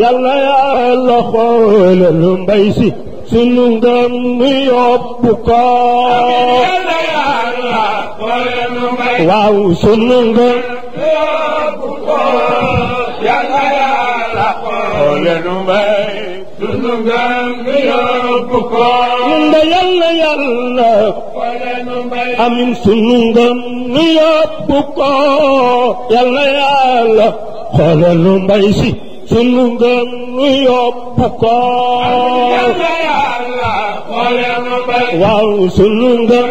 yàlla yàlla xoolal mbay si sunu ngëm mi yóbbu ko. si. sunu ngëm nu yóbbu ko. waaw sunu ngëm.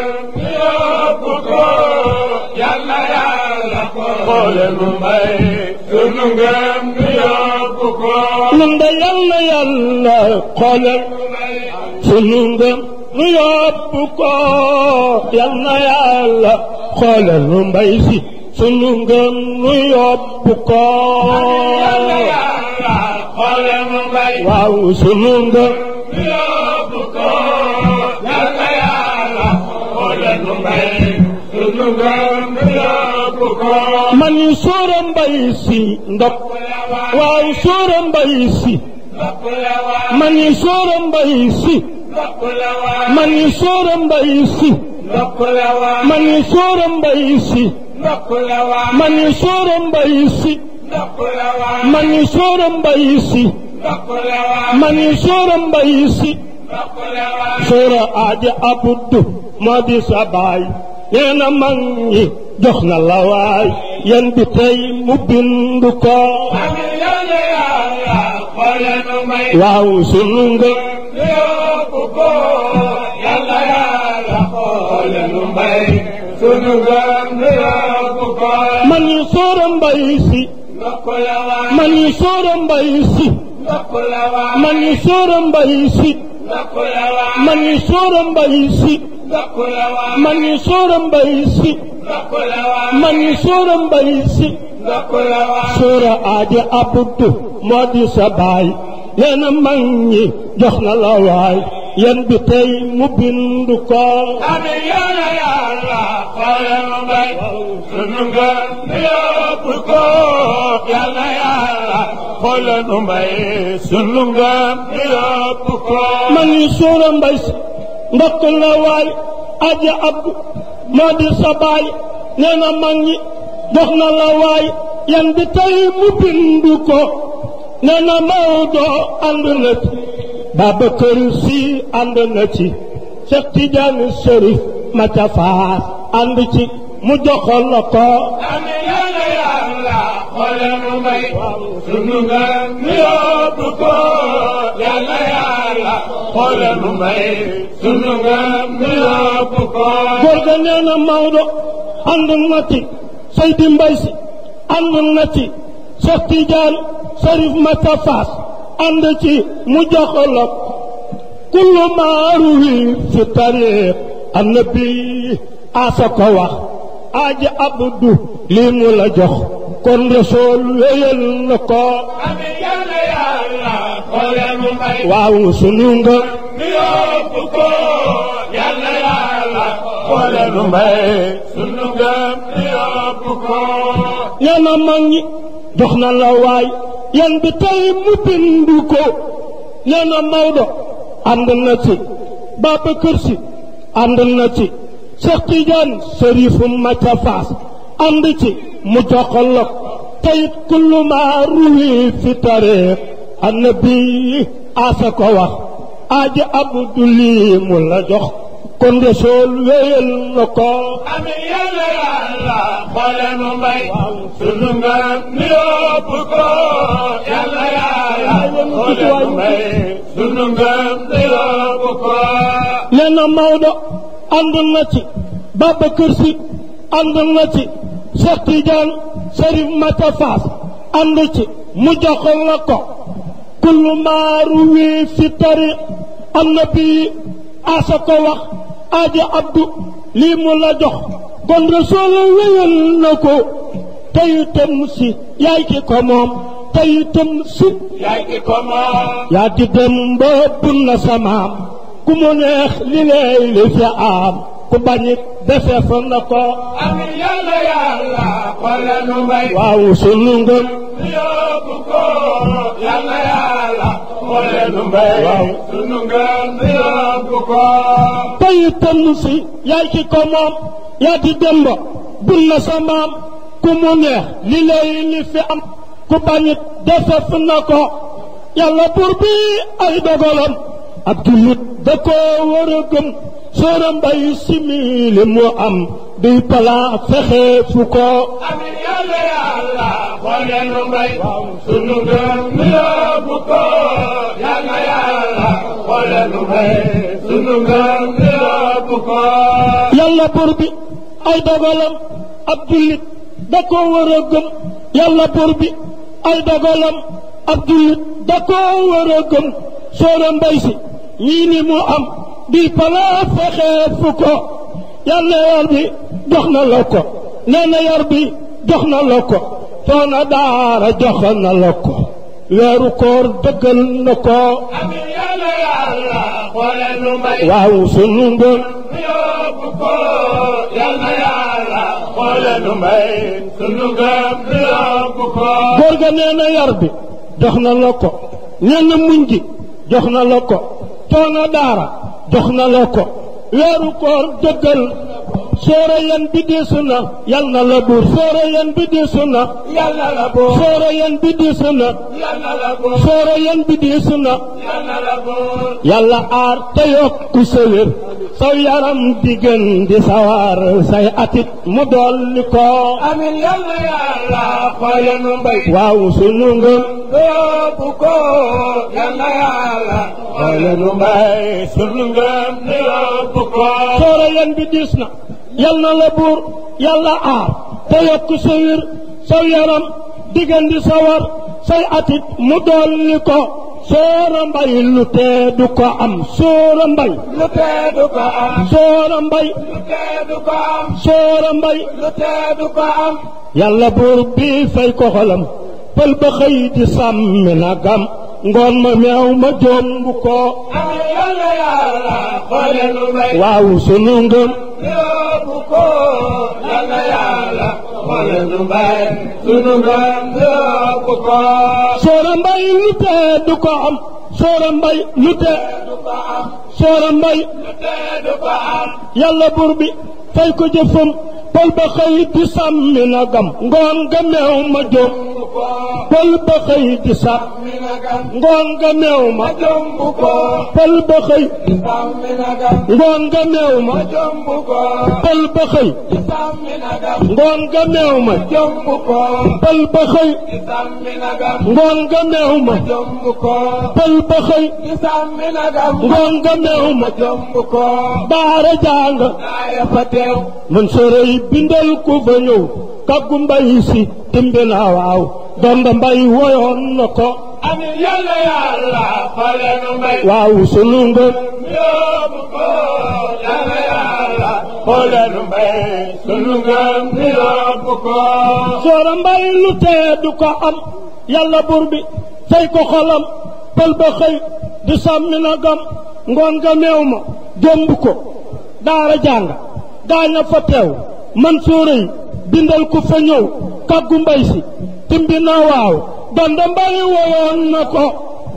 yóbbu ko. yàlla yàlla xoole nu mbay. sunu ngëm nu yóbbu ko. nun de yàlla yàlla xoole. sunu ngëm nu yóbbu ko. yàlla yàlla xoole nu mbay si. sunu ngëm nu yóbbu ko. waaw sunu nga yóbbu ko yàlla yàlla wala suura mbay si ndok suura mbay si man suura mbay si man yu soora mbay si man yu soora mbay si soora aaja abuddu moo di sa baay na man yi jox na la waay yan bi tey mu bindu ko waaw sunu nga man yu soora mbay si man yu sóora mbay si man yu sóora mbay si man yu sóora mbay si man yu sóora mbay moo di sa leena mag ñi jox na la waay bi tey mu bindu ko faral bay sunu ngër man ni suura mbay si ndokk na waay aja abdu moo di sa baay nee na mag na la waay yan bi tey mu bindu ko nee na Maodo ànd na ci Babacar Si ànd na ci Cheikh Tidiane Chérif Matafaas ànd ci mu joxol la ko amiin yàlla yàlla xoolal mu may sunu nga nu yóbbu ko yàlla yàlla xoolal mu may sunu nga nu yóbbu ko góor ga nee na Maodo ànd na ci Seydi Mbaye Sy ànd na ci Cheikh Tidiane Cherif Mata Fass ànd ci mu joxol la kullu maaruhi fi tariq annabi asa ko wax aja abdu lii mu la jox kon rasool wéyal na ko amiin yàlla yàlla xoole mbay waaw sunu nga nu yóbbu ko yàlla yàlla xoole mbay sunu nga nu yóbbu ko ñana mag ñi jox na ci Babacar Si ànd na ci Cheikh Tidiane sarifu Makka Faas ànd ci mu joxolok tayit kullu ma ruwi fi tariq annabi asa ko wax aja abduli mu la jox kon de sool na ko ami yàlla yàlla xoole nu mbay sunu ngaram ni yóbb ko yàlla xoole nu mbay sunu ngaram ni yóbb ko nee na Maodo àndoon na ci Babacar Sy àndoon na ci Cheikh Tidiane Cherif Mata Fass ànd ci mu joxoon la ko kullu maaru wii fi tari annabi asa ko wax aaja abdu lii mu la jox kon rasul wéyal na ko tey itam si yaay ki ko moom tey itam si yaay ki ko moom yaa di dem ba na samaam ku neex li li fi am ku bañit defee fa na ko amiin yàlla yàlla xoole nu may sunu ngëm yóbbu ko yàlla yàlla xoole nu sunu ngëm yóbbu ko tey itam si yaay ki ko moom yaa di demba na sa maam neex li li fi am ku bañit defee fa na ko yàlla buur bi ay dogalam ab jullit da koo war a gëm sóoram bay simili mu am duy palaa fexe fu ko amin yàlla yàlla xool nu mbay sunu gëm nu yóbbu yàlla yàlla xool nu mbay sunu gëm nu yóbbu yàlla bur bi ay dogalam ab jullit da koo war yàlla bur bi ay dogalam ab jullit da koo war سورم بايسي ليني مو ام دي بلا فخير فوكو يالا يا ربي دخنا لوكو نانا يا ربي دخنا لوكو فانا دار دخنا لوكو يا ركور دقل نكو امين يا الله ولا نمي واو سنبن يا يا الله ولا نمي سنبن يا ربكو غورغا نانا يا ربي دخنا لوكو نانا منجي jox na la ko toona daara jox na la ko weeru koor dëggal soora yan bi diisu na yal na la buur soora yan bi diisu na yal na la buur na yal na la buur yal na aar te yokku sa wér yaram di gën di sawar say atit mu dolli ko amiin yal na yóbbu ko yal bi diis na yal na la buur yàlla aar te yokk sa wir yaram diggandi sa war say atit mu dolli ko soora mbay lu tee du ko am soora mbay lu tee du ko am soora mbay lu tee du ko am soora mbay lu tee du ko am yàlla buur bi fay ko xolam pël ba xëy di sàmmi nagam ngoon ma meew ma jomb ko waaw sunu ngëm yóbbu sunu ngëm yóbbu ko soora mbay lu tee du ko am soora mbay lu tee ko am soora mbay lu tee ko am yàlla buur fay ko jëfam pël ba xëy di sàmmi nagam ngoon ga meew ma jomb pël ba xëy di sàpp ngoon nga meew ma baara jàng man sërëy bindal ku fa ñëw kàggu mbay si timbi Demba Mbaye woyoon na ko. amiin yàlla yàlla xoolee nu mbay. waaw sunu ngëm. yóbbu ko yàlla yàlla nu mbay. sunu ngëm yóbbu ko. Soora Mbaye lu tee du ko am yàlla bur bi ko xolam pël ba xëy di sàmmi na gam ngoon nga meew ma jomb ko daara jàng gaañ a fa teew man suura yi bindal ku fa ñëw kàggu mbay si. timbi na waaw banda mbari woyoon na ko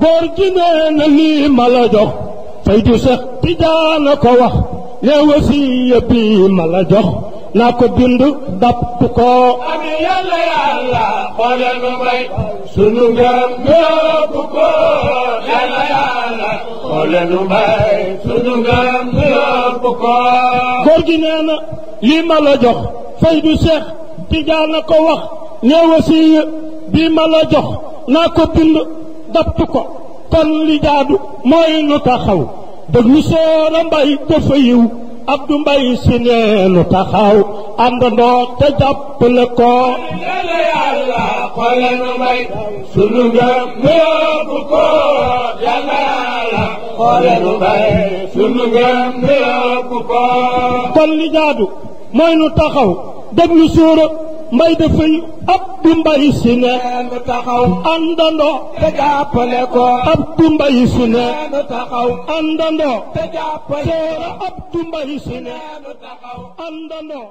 góor gi nee na lii ma la jox Seydou Seex Tijaana ko wax lee wasiya bi ma la jox naa ko bind dàpp ko ami yàlla yàlla xoole nu bay sunu ngërëm yóbbu ko góor gi nee na lii ma la jox Seydou Seex Tijaana ko wax ne wasiya bi ma la jox naa ko bind daptu ko kon li jaadu mooy nu taxaw déglu soora mbay dafa yiw abdu mbay si nee nu taxaw àndandoo te jàppale ko dana yàlla xoole nu mbay sunu ngëm yóbbu ko dana yàlla xoole nu mbay sunu ngëm yóbbu ko kon li jaadu mooy nu taxaw déglu soora mbay dafay Abdou Mbaye si ne nu taxaw àndandoo te jàppale ko Abdou Mbaye si ne nu taxaw àndandoo te jàppale ko Abdou si ne nu taxaw àndandoo